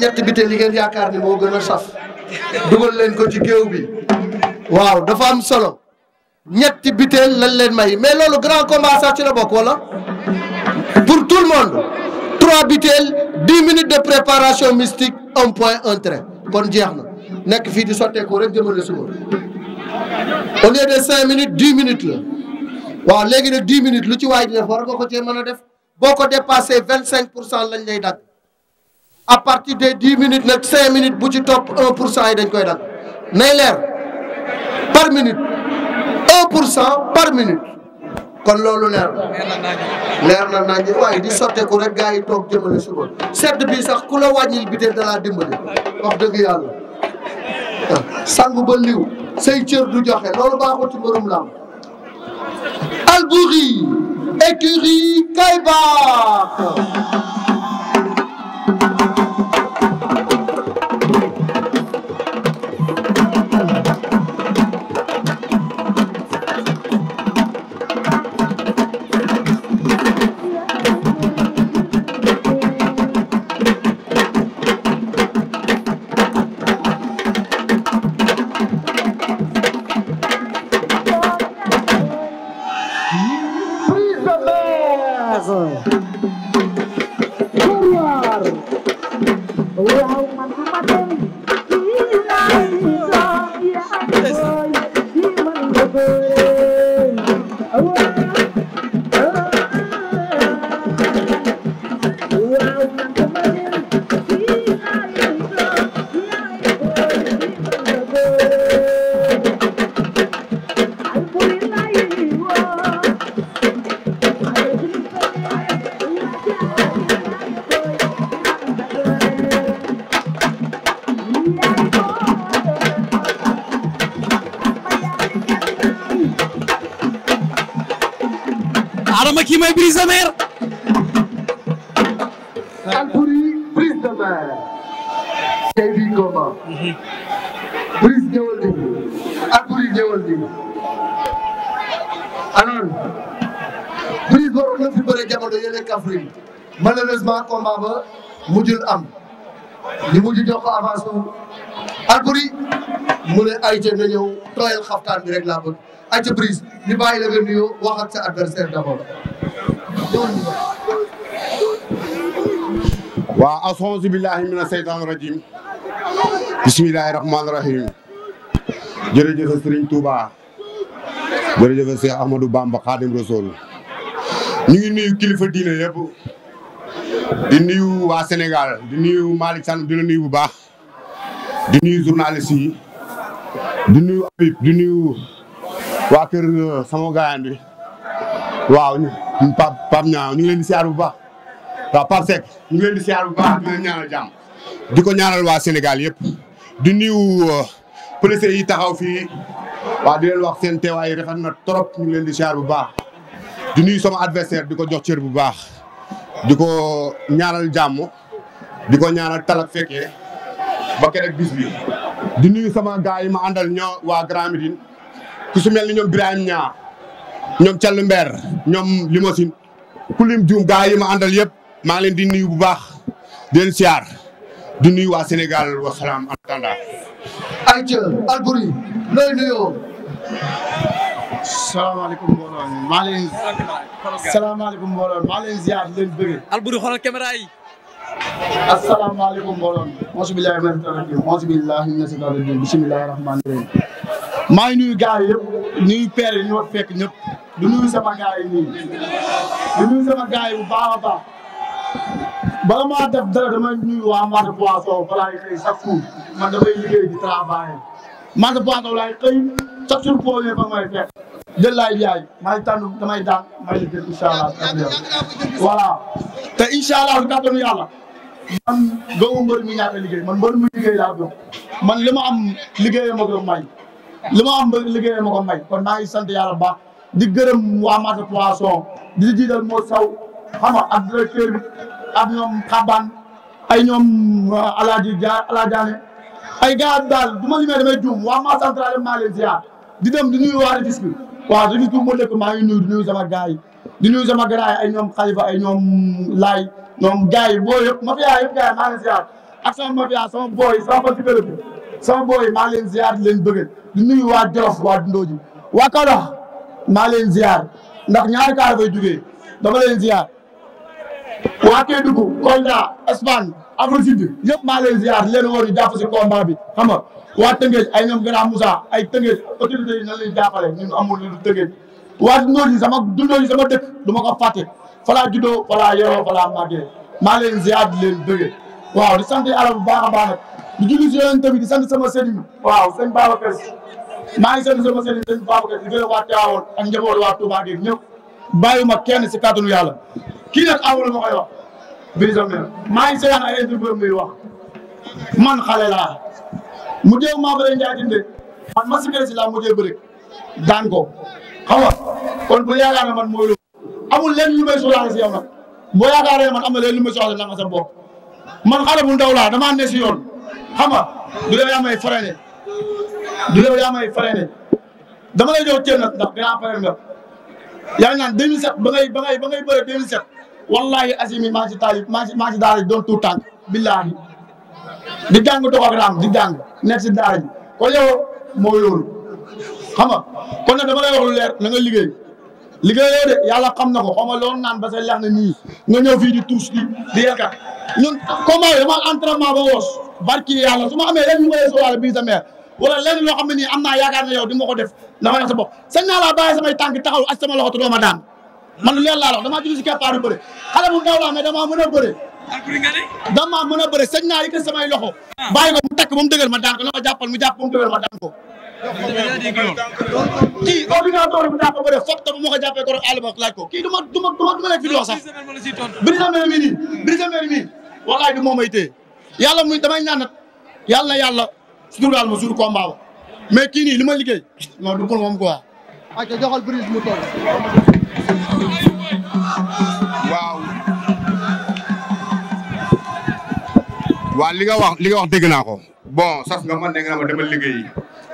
ñetti bitéel yi ngeen yaakaar ni moo gën a sas dugal leen ko ci géew bi waaw dafa am solo ñetti bitéel lañ leen may mais loolu grand combat sax ci la bokk wala pour tout le monde trois bitéel dix minutes de préparation mystique un point un kon jeex na nekk fii di sotteeku rek jëmale suba au lieu de cinq minutes dix minutes la waaw léegi nag dix minutes lu ci waay di def war ko cee mën a def boo ko dépassé vingt cinq pour cent lañ lay dagg à partir de dix minutes nag cinq minutes bu ci topp un pour cent yi dañ koy dagg nay leer par minute un pour cent par minute kon loolu leer na leer na nañ waaye di sotteeku rek gars yi toog jëmale suba sedd bi sax ku la wàññil bi tee dalaa dimbali wax dëgg yàlla sangu ba liw say cër du joxe loolu baaxul ci mbërum lam Albouri écurie kay baax Adama kii Brise de Mer. Brise de Mer. tey bii Brise ñëwal di Albouri ñëwal di alors Brise waroon na fi bëre jamono yële Kaffrine malheureusement combat ba mujjul am ñu mujj jox ko avance Albouri mu ne ayca na ñëw tooyal xaftaan bi laa bëgg. acca brise ñu bàyyi la nga nuyoo wax ak sa adversaire d'abord. waa auzu billaahi mina seytaani rajiim bismillaahi rahmaani rahiim jërëjëf Sëriñ Tuuba jërëjëf Cheikh Ahmadou Bamba Xaadim Rasuul ñu ngi nuyu kilifa diine yëpp di nuyu waa Sénégal di nuyu Malick di la nuyu bu baax di nuyu journaliste yi di waa kër euh, sama gaayaan bi waaw Pape Pape ñu ngi leen di siyaar bu baax waaw Pape Seck ñu ngi jàmm di ko ñaanal waa Sénégal yëpp di nuyu euh, policiers yi taxaw fii waaw di leen wax seen teewaay rafet na trop ñu ngi leen di siyaar bu baax di nuyu sama adversaire di ko jox cër bu baax di ko ñaanal jàmm di ko ñaanal talak fekkee ba keroog bis bi di nuyu sama gaay yi ma àndal ñoo waa Grand Médine ku su mel ni ñoom Birahim ñaar ñoom Thiel Mber ñoom Limousine ku lim juum gaa yi ma àndal yëpp maa ngi leen di nuyu bu baax di leen siyaar di nuyu waa Sénégal wa salaam antanda ay Thiel Alboury looy nuyoo. salaamaaleykum mbooloo mi maa leen. salaamaaleykum mbooloo mi maa leen ziar di leen bëggee. Alboury xoolal caméra yi. asalaamaaleykum mbooloo mi. mosu billahi rahmaani rahim mosu billahi mina seytaani rajim bismillahi rahmaani rahim maa ngi nuyu gars yi yëpp nuyu père yi ñu nuyu sama nuyu sama gars baax dara dama nuyu waa Matam Poisson balaa ngay xëy man damay liggéey di travail Matam Poisson laay xëy chaque jour boo ñëwee ba may fekk. jël laay jaay may tànn damay daan may liggéey incha allah voilà te incha allah du kàttanu yàlla. man doomu mbër mi ñaata liggéey man mbër mi liggéey laa man li ma am liggéeyam ak may. li ma am liggéey ma ko may kon maa ngi sant yàlla baax di gërëm waa marché poisson di jiital moo saw xam nga ak directeur ñoom xabaan ay ñoom alaaji ja alaajaane ay gars daal du ma limee damay juum waa marché central maa leen di dem di nuyu waa Rufisque bi waaw Rufisque bi moo dëkk maa ngi nuyu di nuyu sama gars yi di nuyu sama gars yi ay ñoom xalifa ay ñoom laay ñoom gars yi boo yëpp mafia yëpp gars yi maa leen ak sama mafia sama booy sama particulier bi sama booy maa leen ziar di leen bëgg di nuyu waa Jolof waa Ndooji waa Kaolack maa leen ndax ñaari kaar fay jugee dama leen ziar waa Kédougou Kolda Espagne Afrique sud yëpp maa leen ziar leen woon ñu jàpp si combat bi xam nga waa Tëngéej ay ñoom Grand ay Tëngéej autorité yi nan lañ jàppale ñun amul lu Tëngéej waa Ndooji sama Ndooji sama dëkk du ma ko fàtte fa laa juddoo fa laa yoroo fa laa di leen bëggee waaw di sant yàlla bu baax a baax di julli si yonent bi di sant sama sëriñ waaw sëñ Babacar maa ngi sant sama sëriñ sëñ Babacar di gërëm waa Tiwaawoon ak njaboot waa Touba gi ñëpp bàyyiwuma kenn si kàttanu yàlla kii nag awul ma koy wax Brise de Mer maa ngi seetaan ay interview muy wax man xale laa mu déew maa bëre Njaay man ma si si laa mu dee bëre daan ko xam nga kon bu yaakaar ne man mooy lu amul leen lu may soxlaale si yow nag boo yaakaaree man am leen lu may soxlaale na sa bopp man xale bu ndaw laa damaa si yoon xam nga du yow yaa may freiné du yow yaa may freiné dama lay jox cër nag ndax grand frère nga yaa naan 2007 ba ngay ba ngay ba ngay bëre 2007 wallaahi asimi maa ngi si taalib maa ngi di jàng doxal di jàng nekk si daara ji kon yow moo yoolu xam nga kon nag dama lay wax leer na nga liggéey liggéeyoo de yàlla xam na ko xaw ma loolu naan ba sa leex na nii nga ñëw fii di tuus di di yelkat ñun comme dama entraînement ba woos barki yàlla su ma amee leen ñu koy sóoraale loo xam ne am naa yaakaar ne yow di nga ko def dama ne sa bopp sañ naa laa bàyyi samay tànk taxaw ak sama loxo te doo ma daan man lu leen laa wax damaa judd si keppaar yu bëri xale bu ndaw a bëri damaa mën a bëri sañ naa yëkkati samay loxo ah. bàyyi ko mu takk ba mu dëgër ma daan ko na ma jàppal mu jàpp ba mu dëgër ma daan ko kii ordinateur bu jàpp ba def laaj ko kii du ma du ma ma fi di wax sax Brise nii Brise de Mer mii wallaay du yàlla muy damay ñaanat yàlla na yàlla suturaal ma suur combat ba mais kii nii li ma liggéey non du pour moom quoi. ayca joxal brise mu toll. waaw. waaw li nga wax li nga wax dégg naa ko. bon sas nga man ne nga ma dama liggéey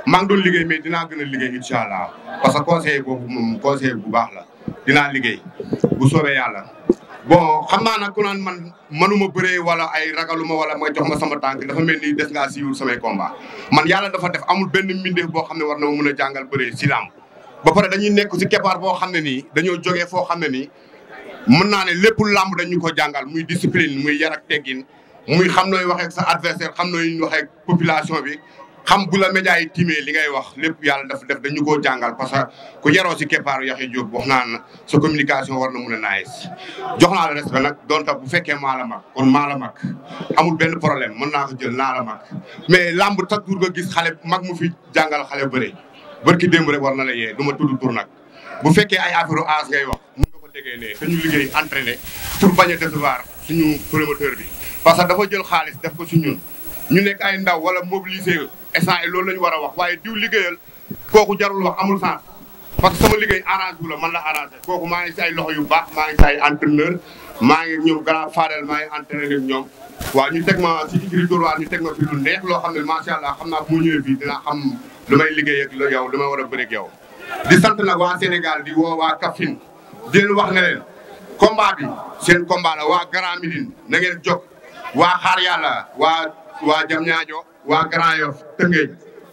maa ngi doon liggéey mais dinaa gën a liggéey incha allah parce que conseil boobu moom conseil bu baax la dina liggéey bu soobee yàlla. bon xam naa nag ku naan man manuma bëree wala ay ragaluma wala ma jox ma sama tànk dafa mel ni des ngaa siiwul samay komba man yàlla dafa def amul benn mbindeef boo xam ne war na ma mën a jàngal bëree si làmb ba pare dañuy nekk si keppaar boo xam ne nii dañoo jógee foo xam ne nii mën naa ne lépp làmb dañu ko jàngal muy discipline muy yar ak teggin muy xam nooy waxee ak sa adversaire xam nooy waxee ak population bi xam bu la média yi timee li ngay wax lépp yàlla daf def dañu koo jàngal parce que ku yaroo si keppaaru Yaxya Jóob wax naa na sa communication war na mun na naayes jox na la respect nag doon bu fekkee maa la mag kon maa la mag amul benn problème mën naa ko jël naa la mag mais làmb chaque jour nga gis xale mag mu fi jàngal xale bëri bërki démb rek war na la yee du ma tudd tur nag bu fekkee ay affaire aas ngay wax mun nga ko déggee ne suñu liggéey entraîné pour bañ a parce que dafa jël xaalis def ko si ñun ñu nekk ay ndaw wala mobiliser essai loolu la ñu war a wax waaye diw liggéeyal kooku jarul wax amul sens parce que sama liggéey arrange wu la man la arrangé kooku maa ngi si ay loxo yu baax maa ngi si ay maa ngi ñoom grand Fadel maa ngi entraîneur ak ñoom waaw ñu teg ma si igri dóorwaar ñu teg fi lu neex loo xam ne macha allah xam naa bu mu ñëwee bii dinaa xam lu may liggéey ak yow lu may war a bëri ak di sant nag waa Sénégal di woo waa Kaffrine di leen wax ne leen combat bi seen combat waa Grand Médine na ngeen waa xaar yàlla waa waa Diamniadio waa Grand Yoff Tëngéej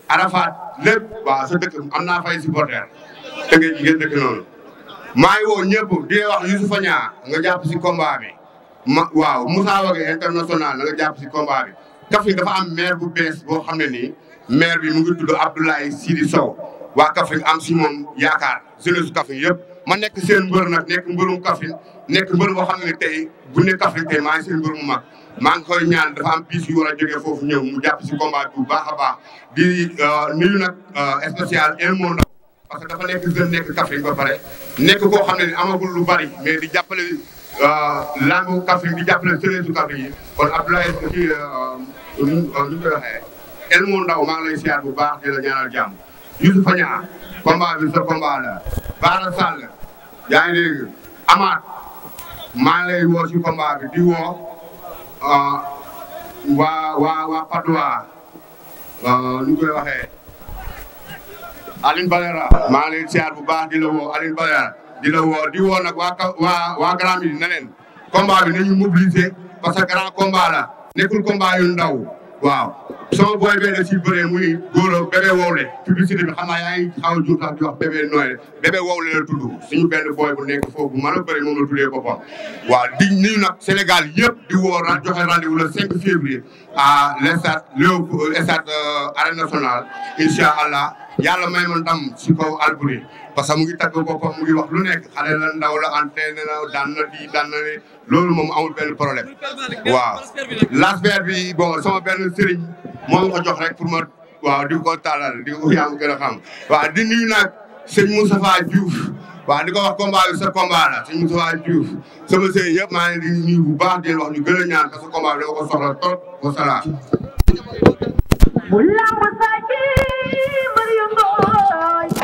Arafat lépp waaw sa dëkk am naa fay Tëngéej gi ngeen dëkk noonu. maa ngi woo ñëpp di wax Youssoufa Niang nga jàpp si combat bi ma waaw Moussa Wagué international na nga jàpp si combat bi. Kaffrine dafa am maire bu bees boo xam ne nii maire bi mu ngi tudd Abdoulaye Sidi Sow waa Kaffrine am si moom yaakaar jeunesse su yëpp ma nekk seen mbër nag nekk mbërum Kaffrine nekk mbër boo xam ne tey bu ne Kaffrine tey maa ngi seen mu mag maa ngi koy ñaan dafa am piis yu war a jógee foofu ñëw mu jàpp si combat bu baax a baax di euh, nuyu nag euh, spécial un monde parce que dafa nekk gën nekk Kaffrine ba pare nekk xam ne amagul lu bari mais di jàppale euh, laamu Kaffrine di jàppale sëriñ su Kaffrine yi kon Abdoulaye kii nu ñu koy waxee Elmo Ndaw maa ngi lay siyaar bu baax di la ñaanal jàmm Youssoufa Niang combat bi sa combat la Bara maa lay woo ci combat bi di woo euh, waa waa waa Padoa euh, nu ñu koy waxee Aline Badara bu baax di la woo Aline Badara di la woo nag waa waa waa grand bi na leen combat bi nañu mobiliser parce que grand yu ndaw waaw sama booy bee da ciy bëree muy góor a bébé wowle publicité bi xam naa yaa ngi xaw a jur sax di wax bébé nooy la bébé wowle la booy bu nekk foofu bu mën a bëri moom la tuddee boppam waaw di ñu nag Sénégal yëpp di woor joxe rendez-vous le 5 à l' stade Léop euh, stade euh, arène nationale incha allah yàlla may ma si kaw Alboury parce que mu ngi tagg boppam mu ngi lu nekk xale la ndaw la entraîné na daan na di daan na ne loolu moom amul benn problème waaw. l'asper bi bon sama benn sëriñ moo ma ko jox rek pour ma waaw di ko taalal di ko yaa xam waaw di nuyu nag sëñ Moustapha Diouf. waaw di ko wax combat bi sa combat la suñu Moussa Diouf sama sëy yëpp maa ngi leen di nuyu bu baax di wax ñaan parce que combat bi da nga ko soxla trop wa salaam. bu lamb sa ji bëri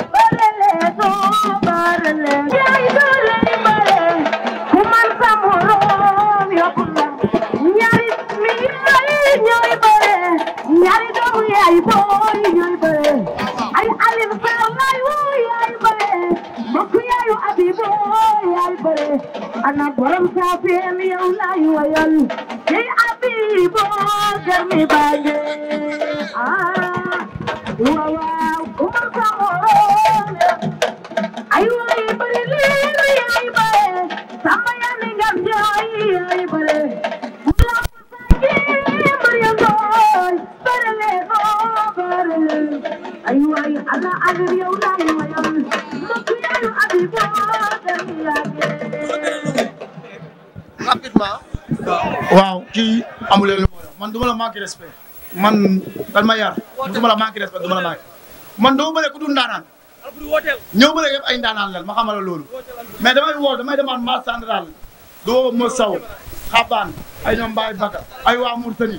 ana borom saafeel yow laay wayal yey abi boo garmi baa waaw kii amul leen lu man du ma la manqué respect man dal ma yar du ma la manqué respect du ma la manqué man dama bëre ku dul ndaanaan ñëw bëre yëpp ay ndaanaan lan ma xamal loolu mais damay woo damay demaat ma central du woo ma saw xabaan ay ñoom Mbaye Bakka ay waa Mourtani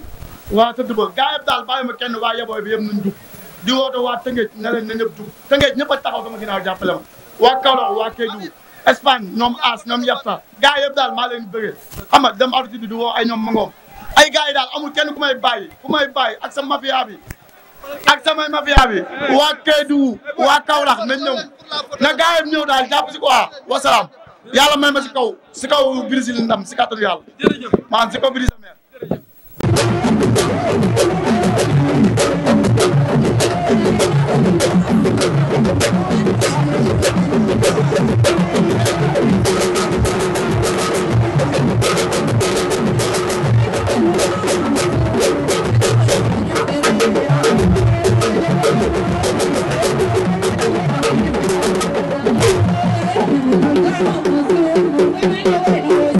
waa tëdd ba gaa yëpp daal bàyyi ma kenn waa yebooy bi yëpp nañ dugg di woote waa Tëngéej ne leen na ñëpp dugg Tëngéej ñëpp a taxaw sama ginnaaw jàppale ma waa a waa Kédougou Espagne ñoom As ñoom Yefta gars yëpp daal maa leen bëggee xam nga dem arbitre bi woo ay ñoom mangoom ay gars daal amul kenn ku may bàyyi ku ak sa mafia ak samay mafia bi waa Kédougou waa Kaolack nañ ñëw na gars yëpp ñëw daal jàpp si quoi wasalaam yàlla may ma si kaw si kaw Brésil ndam si kàttanu yàlla maanaam si kaw Brésil mer